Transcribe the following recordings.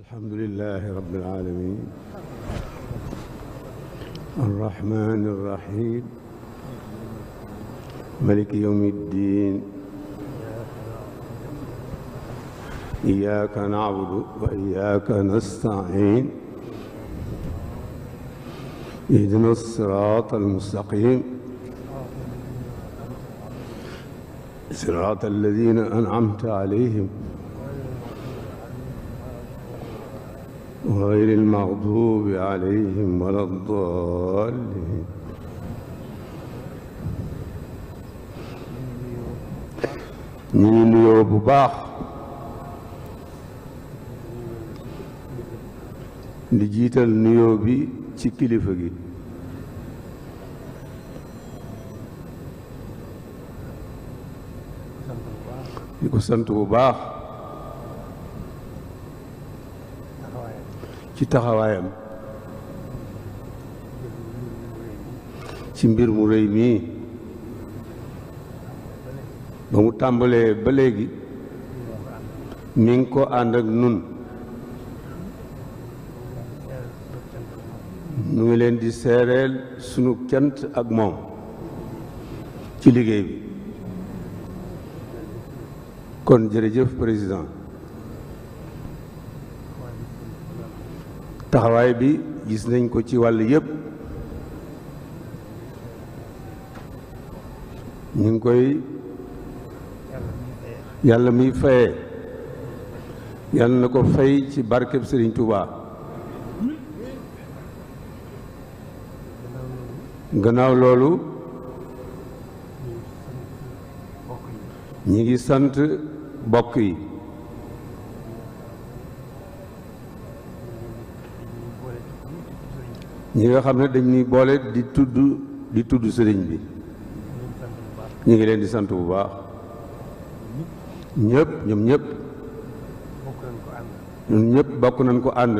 الحمد لله رب العالمين الرحمن الرحيم ملك يوم الدين إياك نعبد وإياك نستعين إذن الصراط المستقيم صراط الذين أنعمت عليهم غير المغضوب عليهم ولا الضالين نيليو بباخ نجيتال نيو بي سي كليفه جي يكو سنتو بباخ ci taxawaayam ci mbir mu rëy mii ba mu tàmbalee ba léegi mi ngi ko ànd ak nun ñu ngi leen di seereel sunu kent ak moom ci liggéey bi kon jërëjëf président taxawaay bi gis nañ ko ci wàll yépp ñu ngi koy yàlla muy faye yàlla na ko fay ci barkeb Sëriñ Tuubaa gannaaw loolu ñu ngi sant bokk yi ñi nga xam ne dañ ñuy boole di tudd di tudd sëriñ bi ñu ngi leen di sant bu baax ñëpp ñoom ñëpp ñëpp bokk nañ ko ànd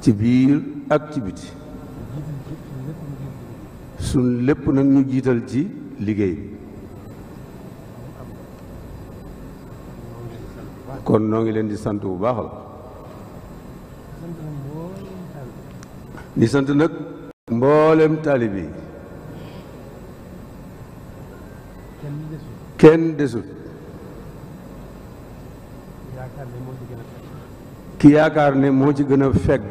ci biir ak ci biti suñ lépp nag ñu jiital ci liggéey bi kon noo ngi leen di sant bu baax la di sant nag mboolem taalib yi kenn desul ki yaakaar ne moo ci gën a feg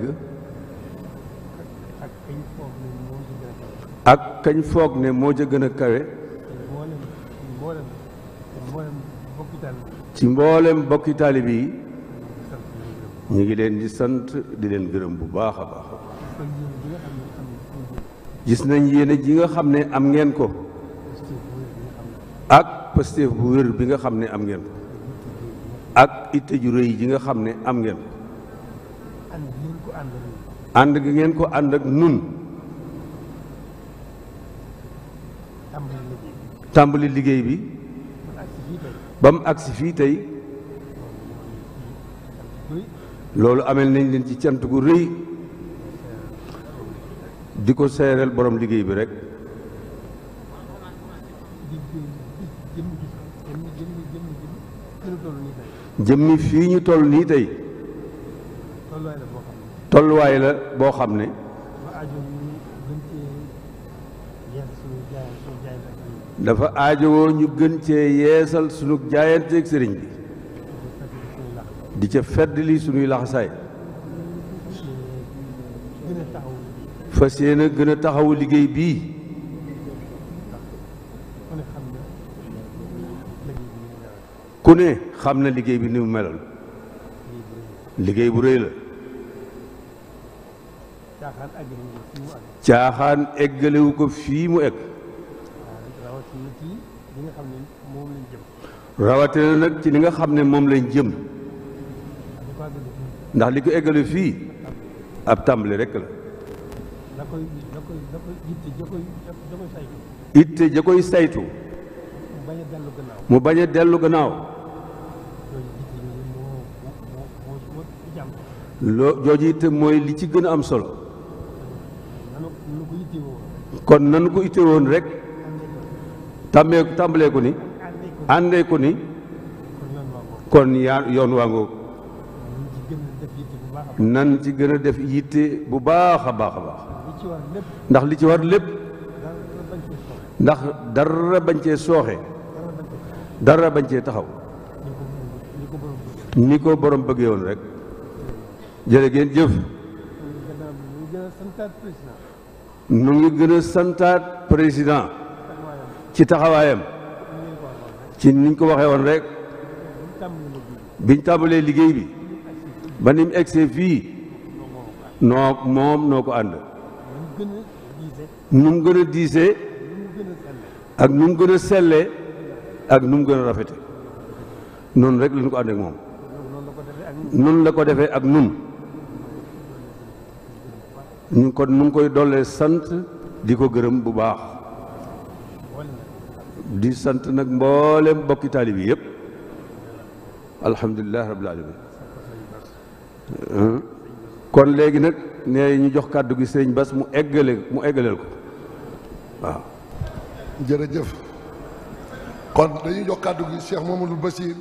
ak kañ foog ne moo ci gën a kawe ci mboolem bokki taalib yi ñu ngi leen di sant di leen gërëm bu baax a baax gis nañ yene ji nga xam am ngeen ko ak pastéef bu wër bi nga xam am ngeen ko ak ité ju reuy ji nga xam am ngeen ko ànd gi ngeen ko and ak nun tambali liggéey bi bam mu agsi fii tey loolu amel nañ len ci cant gu reuy di ko borom liggéey bi rek jëmmi fi ñu toll nii tey tolluwaay la boo xam ne dafa aajowoo ñu gën cee yeesal sunu jaayanteeg sëriñ bi di ca fedd li sunuy laxasaay fas yéene gën a taxawu liggéey bii ku ne xam na liggéey bi ni mu meloon liggéey bu rëy la caaxaan eggalewu ko fii mu egg rawatina nag ci li nga xam ne moom lañ jëm ndax li ko eggale fii ab tàmbali rekk la la koy koy itte ja koy saytu. mu bañ dellu gannaaw. mu loo jooju itte mooy li ci gën a am solo. kon nanu ko itte woon rek. tàmmee tàmbalee ni. àndeeku ni. kon yaa yoon waa nan ci gën a def yitte bu baax a baax. ndax li ci war lepp ndax dara bañ ci soxé dara bañ ci taxaw niko borom bëgg woon rek jërë ngeen jëf nu ngi gëna santat président ci taxawayam ci niñ ko waxé won rek biñ tabulé liggéey bi banim exé fi egsee mom noko nu mu gën a diise ak nu mu gën a sellee ak nu mu gën a rafete noonu rek lañ ko ànd ak moom noonu la ko defee ak nun ñu ko nu ngi koy dollee sant di ko gërëm bu baax di sant nag mboolem bokki taalib yi yëpp alhamdulilah rabbil alamin kon léegi nag nee ñu jox kàddu gi sëriñ Bass mu eggale mu eggaleel ko waaw. jërëjëf kon dañuy jox kàddu gi Cheikh Mamadou Bassir.